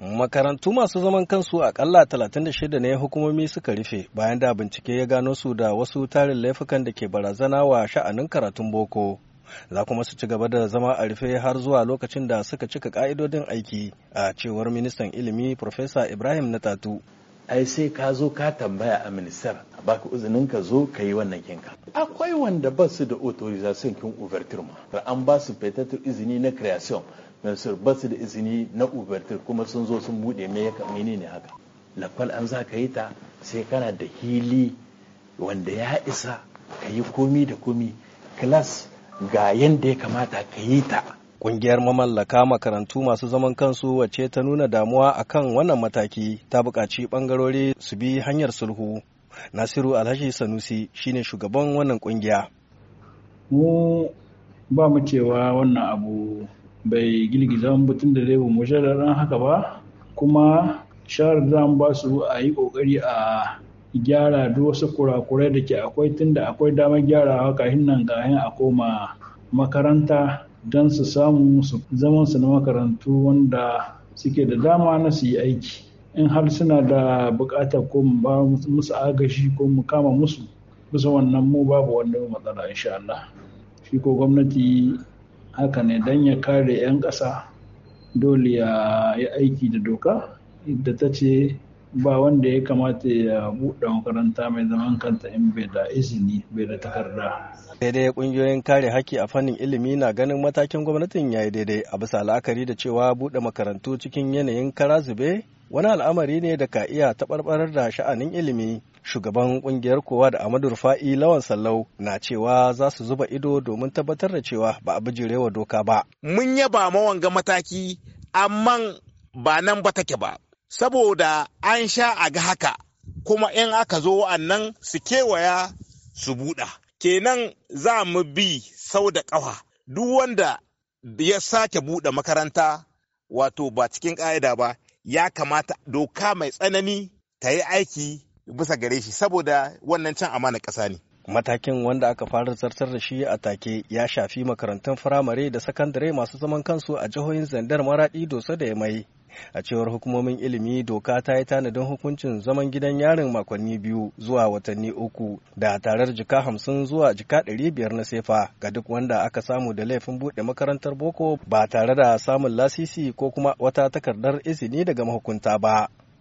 Makarantu masu zaman kansu akalla 36 ne hukumomi suka rufe bayan da bincike ya gano su da wasu tarin laifukan da ke barazana wa sha'anin karatun boko. Za kuma su ci gaba da zama a rufe har zuwa lokacin da suka cika ka'idodin aiki a cewar ministan ilimi Profesa Ibrahim Natatu. Ai sai ka zo ka tambaya a ministar a baka izinin ka zo ka yi wannan kinka. Akwai wanda ba su da authorization kin overture ma, an ba su izini na creation sur ba su da izini na ubertir kuma sun zo sun bude me ya kamini ne haka lakwal an za ka yi ta sai kana da hili wanda ya isa ka yi komi da komi klas ga yadda ya kamata ka yi ta Ƙungiyar mamallaka makarantu masu zaman kansu wacce ta nuna damuwa a kan wannan mataki ta buƙaci ɓangarori su bi hanyar sulhu. Nasiru alhashi Sanusi shine shugaban wannan ƙungiya. Mu ba mu cewa wannan abu bai girgiza mu batun da zai mu haka ba kuma shawarar za ba su a yi kokari a gyara duk wasu kurakurai da ke akwai tunda akwai damar gyarawa kahin nan kahin a koma makaranta don su samu su zaman su na makarantu wanda suke da dama na su yi aiki in har suna da bukatar ko mu ba musu agashi ko mu kama musu bisa wannan mu babu wani matsala insha Allah shi ko gwamnati haka ne don ya kare 'yan ƙasa dole ya yi aiki da doka da ta ce ba wanda ya kamata ya buɗe makaranta mai zaman kanta in bai da izini bai da takarda. daidai ƙungiyoyin kare haƙƙi a fannin ilimi na ganin matakin gwamnatin ya yi daidai a bisa la'akari da cewa buɗe makarantu cikin yanayin kara zube wani al'amari ne da ka iya taɓarɓarar da sha'anin ilimi shugaban kungiyar kowa da amadu rufa'i lawan sallau na cewa za su zuba ido domin tabbatar da cewa ba a bijirewa doka ba mun yaba mawanga mataki amma ba nan ba take ba saboda an sha a ga haka kuma in aka zo wa'annan su kewaya su buɗa kenan za mu bi sau da ƙafa duk wanda ya sake buɗe makaranta wato ba cikin ƙa'ida ba ya kamata doka mai tsanani ta yi aiki bisa gare shi saboda wannan can amana ƙasa ne. Matakin wanda aka fara zartar da shi a take ya shafi makarantun firamare da sakandare masu zaman kansu a jihohin Zandar Maraɗi Dosa da ya mai. A cewar hukumomin ilimi doka ta yi tanadin hukuncin zaman gidan yarin makonni biyu zuwa watanni uku da tarar jika hamsin zuwa jika ɗari biyar na sefa ga duk wanda aka samu da laifin buɗe makarantar boko ba tare da samun lasisi ko kuma wata takardar izini daga mahukunta ba.